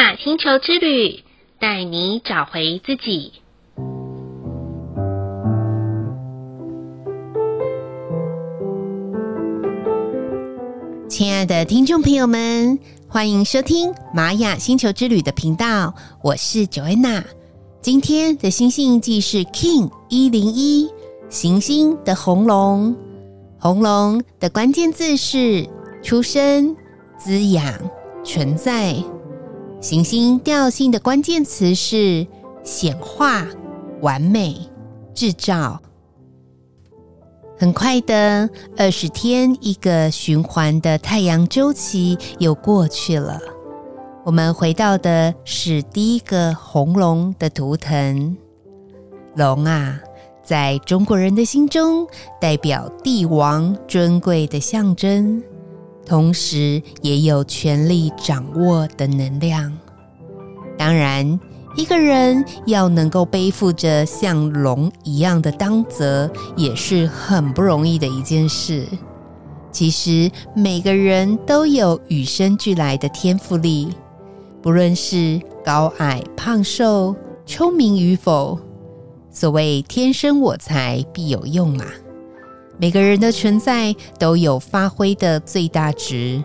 瑪雅星球之旅，帶你找回自己。親愛的聽眾朋友們，歡迎收聽瑪雅星球之旅的頻道，我是 Joanna。今天的星星記是 Kin 一零一行星的紅龍，紅龍的關鍵字是出生、滋養、存在。行星調性的關鍵詞是顯化、完美、製造。很快的，二十天一個循環的太陽周期又過去了，我們回到的是第一個紅龍的圖騰。龍啊，在中國人的心中，代表帝王尊貴的象徵。同時也有權力掌握的能量。當然，一個人要能夠背負着像龍一樣的當責，也是很不容易的一件事。其實，每個人都有與生俱來的天賦力，不論是高矮、胖瘦、聰明與否。所謂“天生我材必有用啊”嘛。每個人的存在都有發揮的最大值，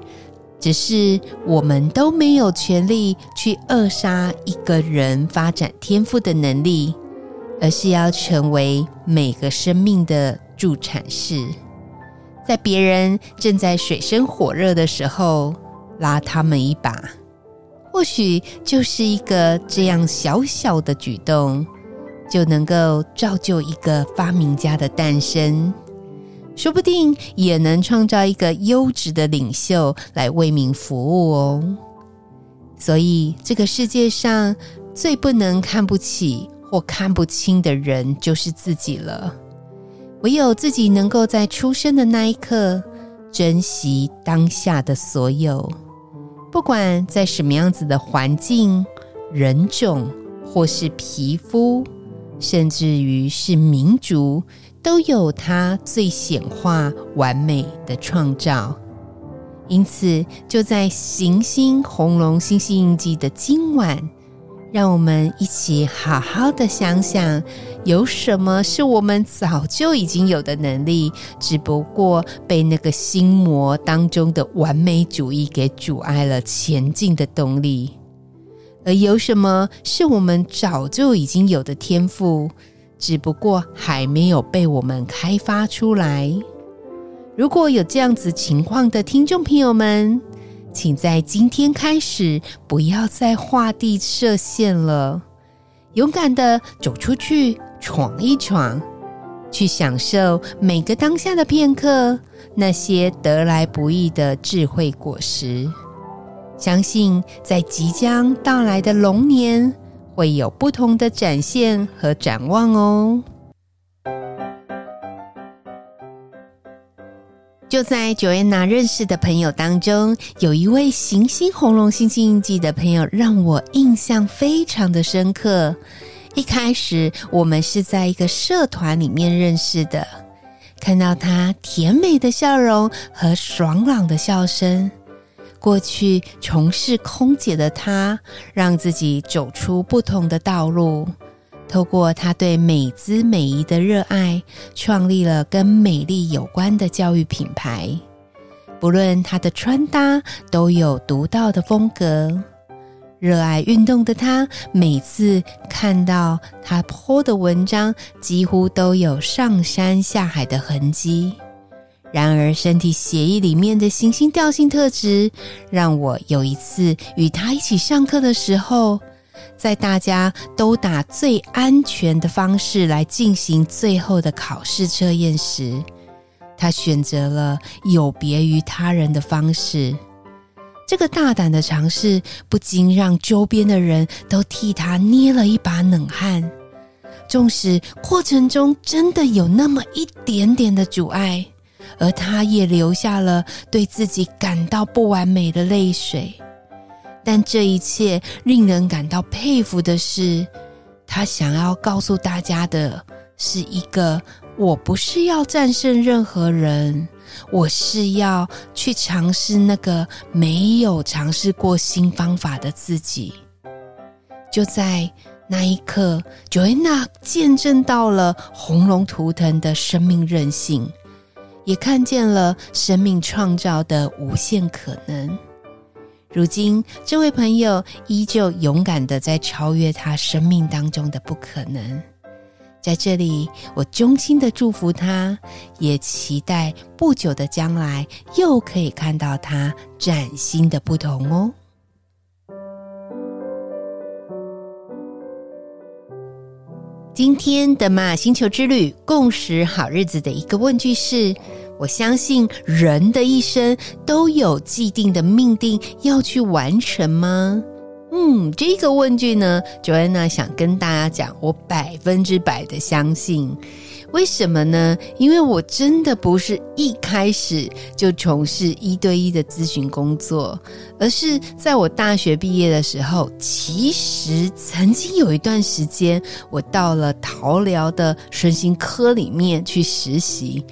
只是我們都沒有權利去扼殺一個人發展天賦的能力，而是要成為每個生命的助產士。在別人正在水深火熱的時候，拉他們一把，或許就是一個這樣小小的舉動，就能夠造就一個發明家的誕生。說不定也能創造一個優質的領袖來為民服務哦。所以，這個世界上最不能看不起或看不清的人，就是自己了。唯有自己能夠在出生的那一刻珍惜當下的所有，不管在什麼樣子的環境、人種，或是皮膚，甚至於是民族。都有它最顯化完美的創造，因此就在行星紅龍星系印記的今晚，讓我們一起好好的想想，有什麼是我們早就已經有的能力，只不過被那個心魔當中的完美主義給阻礙了前進的動力，而有什麼是我們早就已經有的天賦。只不過還沒有被我們開發出來。如果有這樣子情況的聽眾朋友們，請在今天開始不要再畫地設限了，勇敢的走出去闖一闖，去享受每個當下的片刻，那些得來不易的智慧果實。相信在即將到來的龍年。會有不同的展現和展望哦。就在 Joanna 認識的朋友當中，有一位行星紅龍星星印記的朋友，讓我印象非常的深刻。一開始，我們是在一個社團裡面認識的，看到她甜美的笑容和爽朗的笑聲。過去從事空姐的她，讓自己走出不同的道路。透過她對美姿美儀的熱愛，創立了跟美麗有關的教育品牌。不論她的穿搭，都有獨到的風格。熱愛運動的她，每次看到她 PO 的文章，幾乎都有上山下海的痕跡。然而，身體協議裡面的行星調性特質，讓我有一次與他一起上課的時候，在大家都打最安全的方式來進行最後的考試測驗時，他選擇了有別於他人的方式。這個大膽的嘗試，不禁讓周邊的人都替他捏了一把冷汗，縱使過程中真的有那麼一點點的阻礙。而他也流下了對自己感到不完美的淚水，但這一切令人感到佩服的是，他想要告訴大家的是：一個我不是要戰勝任何人，我是要去嘗試那個沒有嘗試過新方法的自己。就在那一刻，Joanna 見證到了紅龍圖騰的生命韌性。也看見了生命創造的無限可能。如今，這位朋友依舊勇敢地在超越他生命當中的不可能。在這裡，我衷心地祝福他，也期待不久的將來又可以看到他嶄新的不同哦。今天的馬雅星球之旅共時好日子的一個問句是：我相信人的一生都有既定的命定要去完成嗎？嗯，這個問句呢，Joanna 想跟大家講，我百分之百的相信。為什麼呢？因為我真的不是一開始就從事一對一的諮詢工作，而是在我大學畢業的時候，其實曾經有一段時間，我到了桃療的身心科裡面去實習，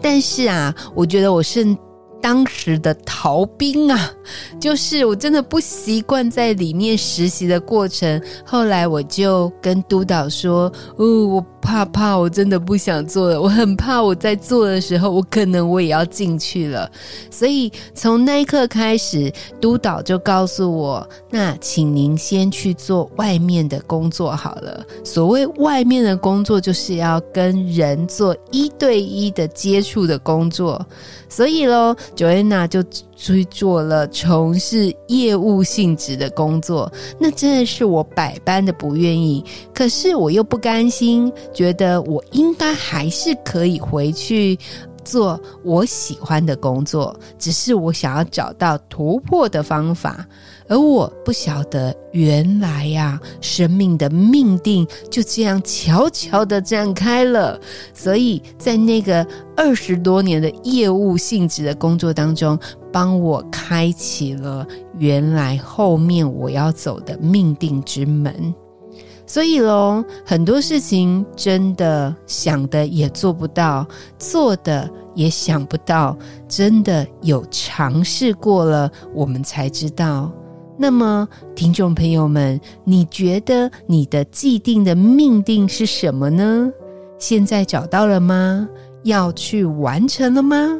但是啊，我覺得我甚當時的逃兵啊，就是我真的不習慣在裡面實習的過程。後來我就跟督導說：“哦，我怕怕，我真的不想做了，我很怕我在做的時候，我可能我也要進去了。”所以從那一刻開始，督導就告訴我：“那請您先去做外面的工作好了。”所謂外面的工作，就是要跟人做一對一的接觸的工作。所以嘍。Joanna 就去做了從事業務性質的工作，那真的是我百般的不願意，可是我又不甘心，覺得我應該還是可以回去。做我喜歡的工作，只是我想要找到突破的方法，而我不曉得原來呀、啊，生命的命定就這樣悄悄的展開了。所以在那個二十多年的業務性質的工作當中，幫我開啟了原來後面我要走的命定之門。所以嘍，很多事情真的想的也做不到，做的也想不到，真的有嘗試過了，我們才知道。那麼，聽眾朋友們，你覺得你的既定的命定是什麼呢？現在找到了嗎？要去完成了嗎？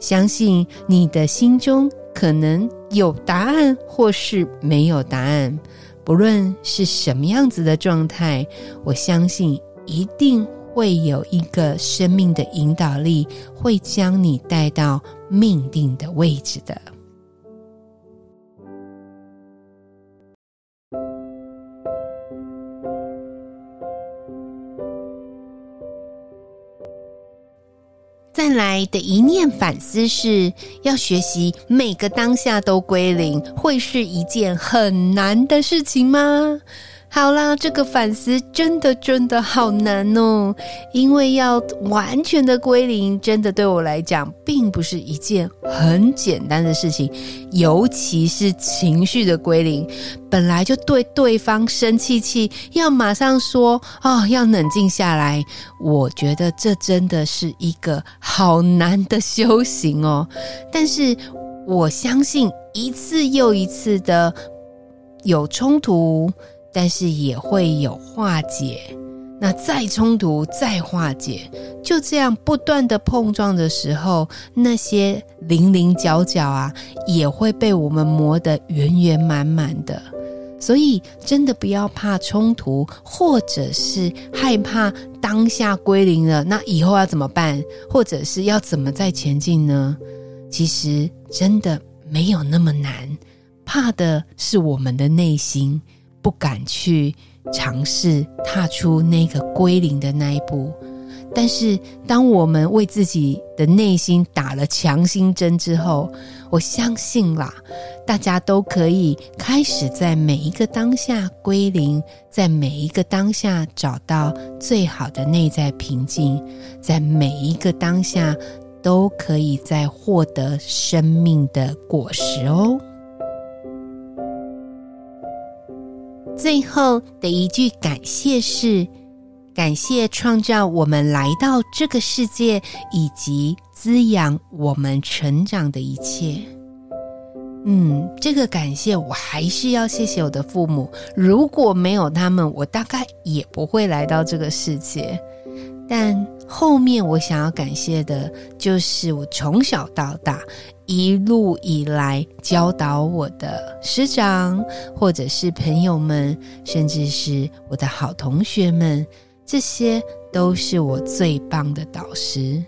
相信你的心中可能有答案，或是沒有答案。不論是什麼樣子的狀態，我相信一定會有一個生命的引導力，會將你帶到命定的位置的。來的一念反思是要學習每個當下都歸零，會是一件很難的事情嗎？好啦，這個反思真的真的好難哦，因為要完全的歸零，真的對我來講並不是一件很簡單的事情，尤其是情緒的歸零，本來就對對方生氣氣，要馬上說哦，要冷靜下來，我覺得這真的是一個好難的修行哦。但是我相信一次又一次的有衝突。但是也會有化解，那再衝突再化解，就這樣不斷的碰撞的時候，那些稜稜角角啊，也會被我們磨得圓圓滿滿的。所以真的不要怕衝突，或者是害怕當下歸零了，那以後要怎麼辦，或者是要怎麼再前進呢？其實真的沒有那麼難，怕的是我們的內心。不敢去嘗試踏出那個歸零的那一步，但是當我們為自己的內心打了強心針之後，我相信啦，大家都可以開始在每一個當下歸零，在每一個當下找到最好的內在平靜，在每一個當下都可以再獲得生命的果實哦。最後的一句感謝是：感謝創造我們來到這個世界，以及滋養我們成長的一切。嗯，這個感謝我還是要謝謝我的父母，如果沒有他們，我大概也不會來到這個世界。但後面我想要感謝的，就是我從小到大一路以來教導我的師長，或者是朋友們，甚至是我的好同學們，這些都是我最棒的導師。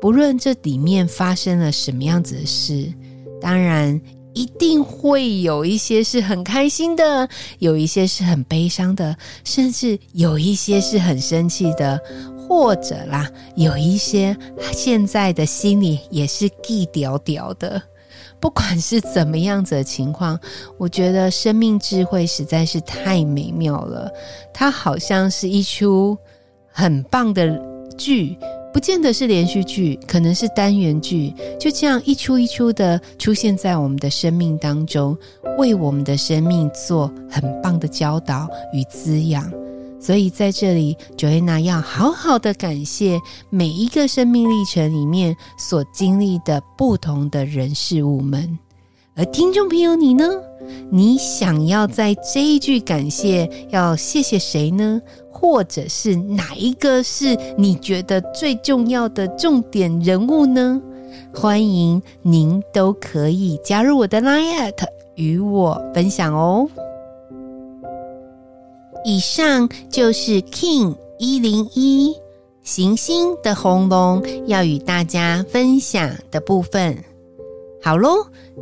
不論這裡面發生了什麼樣子的事，當然一定會有一些是很開心的，有一些是很悲傷的，甚至有一些是很生氣的。或者啦，有一些現在的心裡也是記屌屌的，不管是怎麼樣子的情況，我覺得生命智慧實在是太美妙了。它好像是一出很棒的劇，不見得是連續劇，可能是單元劇，就這樣一出一出的出現在我們的生命當中，為我們的生命做很棒的教導與滋養。所以在這裡，Joanna 要好好的感謝每一個生命歷程裡面所經歷的不同的人事物們。而聽眾朋友，你呢？你想要在這一句感謝要謝謝誰呢？或者是哪一個是你覺得最重要的重點人物呢？歡迎您都可以加入我的 LINE@，與我分享哦。以上就是 Kin 一零一行星的紅龍要與大家分享的部分。好嘍，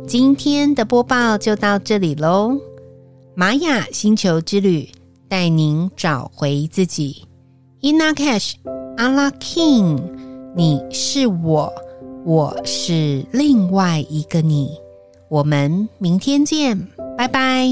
今天的播報就到這裡嘍。瑪雅星球之旅帶您找回自己。Ina Cash，阿拉 Kin，你是我，我是另外一個你。我們明天見，拜拜。